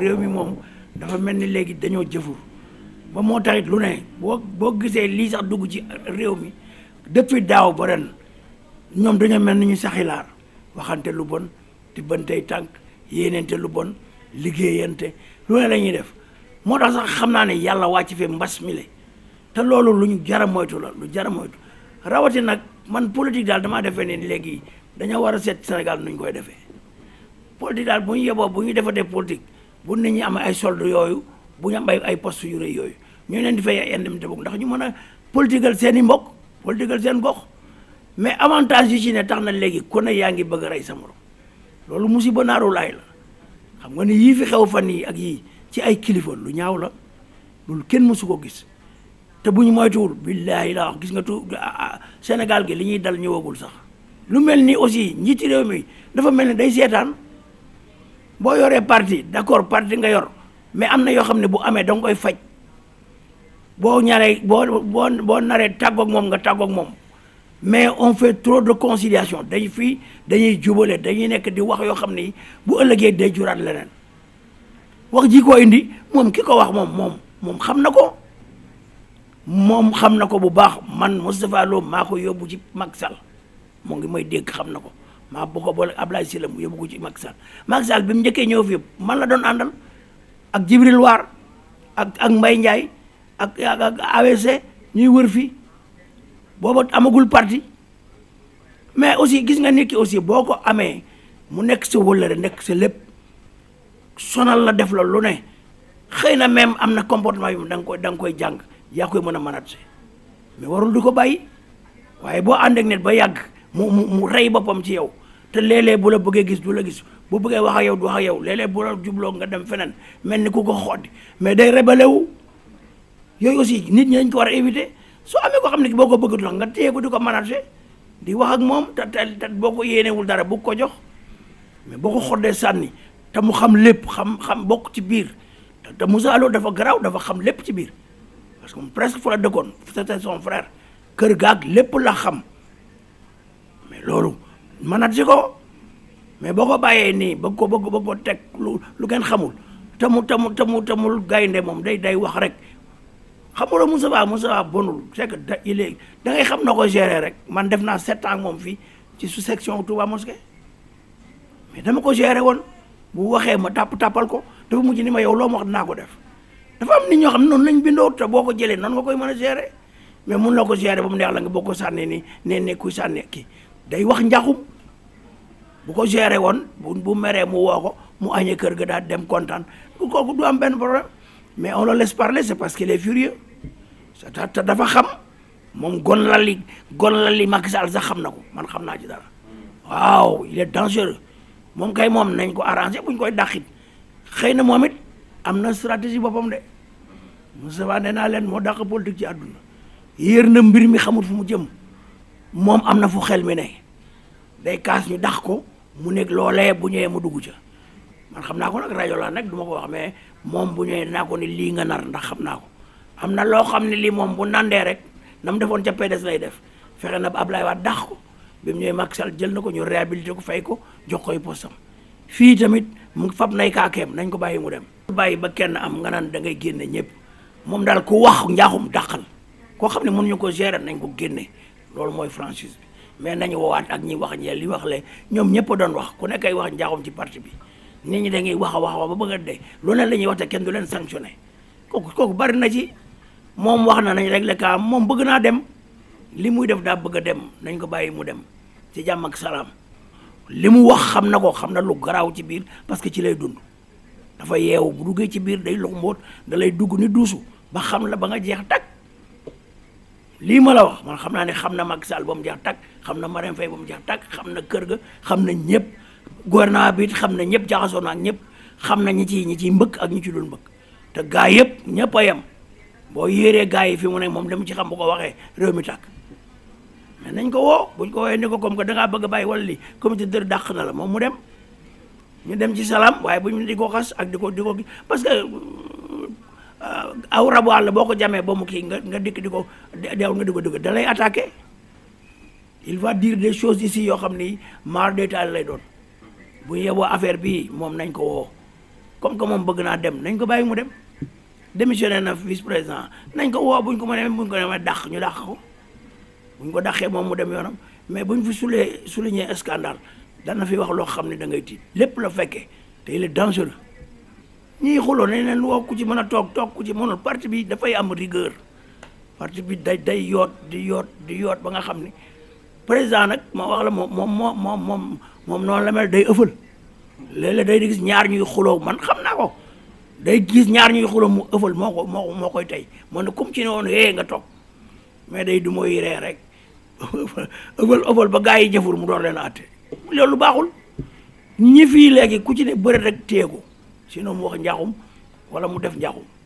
réew mi moom dafa mel ni léegi dañoo jëfur ba moo taxit lu ne boo boo gisee lii sax dugg ci réew mi depuis daaw ba ren ñoom dañoo mel ni ñu saxilaar waxante lu bon di bantey tànk yéenente lu bon liggéeyante lu ne la ñuy def moo tax sax xam naa ne yàlla wàcc fee mbas mi le te loolu lu ñu jara moytu la lu jara moytu rawati nag man politique daal damaa defee ne léegi dañoo war a seet Sénégal nuñ koy defee politique daal bu ñu yeboo bu ñu defatee politique bu nit ñu am ay solde yooyu bu ñu am ay ay post yu rëy yooyu ñu leen di fay ay indemnité boobu ndax ñu mën a politiqual seen i mbokk politiqual seen gox mais avantage yi ci ne tax na léegi ku yaa ngi bëgg rey sa morom loolu musiba naaru laay la xam nga ni yii fi xew fan yii ak yii ci ay kilifa lu ñaaw la loolu kenn mësu ko gis te bu ñu moytuwul billaahi la gis nga tu ah, ah, Sénégal gi li ñuy dal ñëwagul sax lu mel ni aussi njiiti réew mi dafa mel ni day seetaan. boo yoree parti d'accord parti nga yor mais am na yoo xam ne bu amee da nga koy faj boo ñaree boo boo boo moom nga tàggoog moom mais on fait trop de conciliation dañ fii dañuy jubale dañuy nekk di wax yoo xam ni bu ëllëgee day juraat leneen wax ji ko indi moom ki ko wax moom moom moom xam na ko moom xam na ko bu baax man Moustapha Lo maa ko yóbbu ci Macky Sall mu ngi may dégg xam na ko maa bu ko boole Ablaye Sylla mu yóbbu ko ci Macky Sall Macky bi mu njëkkee ñëw fi man la doon àndal ak Jibril Waar ak ak Mbaye Ndiaye ak ak AVC ñuy wër fii booba amagul parti mais aussi gis nga nit ki aussi boo ko amee mu nekk sa wëllëre nekk si lépp sonal la def la lu ne xëy na même am na comportement yu danga nga koy koy jàng yaa koy mën a manaat mais warul di ko bàyyi waaye boo ànd ak ba yàgg mu mu mu rey boppam ci yow te léeg bu la bëggee gis du la gis bu bëggee wax ak yow du wax ak yow léeg-léeg bu la jubloo nga dem feneen mel ni ku ko xotti mais day rebelle wu yooyu aussi nit ñi dañ ko war a éviter soo amee ko xam ne boo ko bëgg dox nga téye ko di ko manager di wax ak moom te te boo ko yéenewul dara bu ko jox mais boo ko xoddee sànni te mu xam lépp xam xam bokk ci biir te Moussa Lo dafa garaaw dafa xam lépp ci biir parce que moom presque fu la dëkkoon c'était son frère kër gaag lépp la xam mais loolu. manat si ko mais boo ko bàyyee nii bëgg ko bëgg bëgg ko teg lu lu ngeen xamul tamu tamu tamu tamul gaynde moom day day wax rek xam nga Moussa Ba Moussa Ba bonul c'est que da il da xam na ko gérer rek man def naa sept ans moom fii ci sous section Touba Mosquée mais dama ko gérer woon bu waxee ma tàpp tàppal ko dafa mujj ni ma yow loo ma wax dinaa ko def dafa am nit ñoo xam ne noonu lañ bindoo te boo ko jëlee noonu nga koy mën a gérer mais mun na ko gérer ba mu neex la nga boo ko sànni ni ne ne kuy sànni kii day wax njaxum bu ko géré woon bu bu meree mu woo ko mu añee kër ga daal dem kontaan bu kooku du am benn problème mais on le laisse parler c'est parce qu'il est furieux te dafa xam moom gon la li gon la li Macky Sall sax xam na ko man xam naa ci dara waaw il est dangereux moom kay moom nañ ko arrangé buñ koy dàqit xëy na moom it am na stratégie boppam de Moustapha nee naa leen moo dàq politique ci àdduna yéer na mbir mi xamul fu mu jëm moom am na fu xel mi ne day kaas ñu dax ko mu nekk loolee bu ñëwee mu dugg ca man xam naa ko nag rajo laa nag du ma ko wax mais moom bu ñëwee naa ko ni lii nga nar ndax xam naa ko am na loo xam ne lii moom bu nandee rek na mu defoon ca PDS lay def fexe na ba Ablaye Wade dax ko bi mu ñëwee Macky Sall jël na ko ñu réhabilité ko fay ko jox koy postam fii tamit mu fab nay kaakeem nañ ko bàyyi mu dem. bàyyi ba kenn am nga naan dangay génne ñëpp moom daal ku wax njaaxum dàqal koo xam ne mënuñu ko gérer nañ ko génne. loolu mooy franchise bi mais nañu woowaat ak ñi wax ñeel li wax le ñoom ñëpp doon wax ku nekk ay wax njaaxum ci parti bi nit ñi dañuy wax a wax ba bëgg a dee lu ne la ñuy wax te kenn du leen sanctionné kooku kooku bari na ci moom wax na nañ régler ka moom bëgg naa dem li muy def daa bëgg a dem nañ ko bàyyi mu dem ci jàmm ak salaam li mu wax xam na ko xam na lu garaaw ci biir parce que ci lay dund dafa yeew bu duggee ci biir day lox mbóot da lay dugg ni duusu ba xam la ba nga jeex tàkk lii ma la wax man xam naa ne xam na mag saal ba mu jeex tàkk xam na Marème Faye ba mu jeex xam na kër ga xam na ñëpp gouvernement bi xam na ñëpp jaxasoo na ak ñëpp xam na ñi ci ñi ciy mbëkk ak ñi ci dul mbëkk te gaa yëpp ñëpp a yem boo yéeree gaa yi fi mu ne moom dem ci xam bu ko waxee réew mi tàkk mais nañ ko woo buñ ko woowee ni ko comme que dangaa bëgg a bàyyi wala li comité dër dàq na la moom mu dem ñu dem ci salaam waaye bu ñu di ko xas ak di ko di ko parce que Euh, aw rabu àll boo ko jamee ba mu kii nga nga dikk di ko deew nga di ko dugg da attaqué il va dire des choses ici yoo xam ni maar détail lay doon bu ñu affaire bi moom nañ ko woo comme que moom bëgg naa dem nañ ko bàyyi mu dem démissionné na vice président nañ ko woo buñ ko bu buñ ko mënee dàq ñu dàq ko buñ ko daxee moom mu dem yoonam mais bu buñ fi sulee souligner scandale dana fi wax loo xam ne da ngay tiit lépp la fekkee te il est dangereux ñiy xuloo nañ leen woo ku ci mën a toog toog ku ci mënul parti bi dafay am rigueur parti bi day day yoot di yoot di yoot ba nga xam ni président nag ma wax la moom moom moom moom moom moom noonu la mel day ëffal léeg-léeg day gis ñaar ñuy xuloo man xam naa ko day gis ñaar ñuy xuloo mu ëffal moo ko moo moo koy tey man ne comme ci ne woon hee nga toog mais day du mooy ree rek ëffal ëffal ba gars yi jëfur mu door leen àtte lu baaxul ñi fii léegi ku ci ne bëri rek téegu sinon mu wax njaaxum wala mu def njaaxum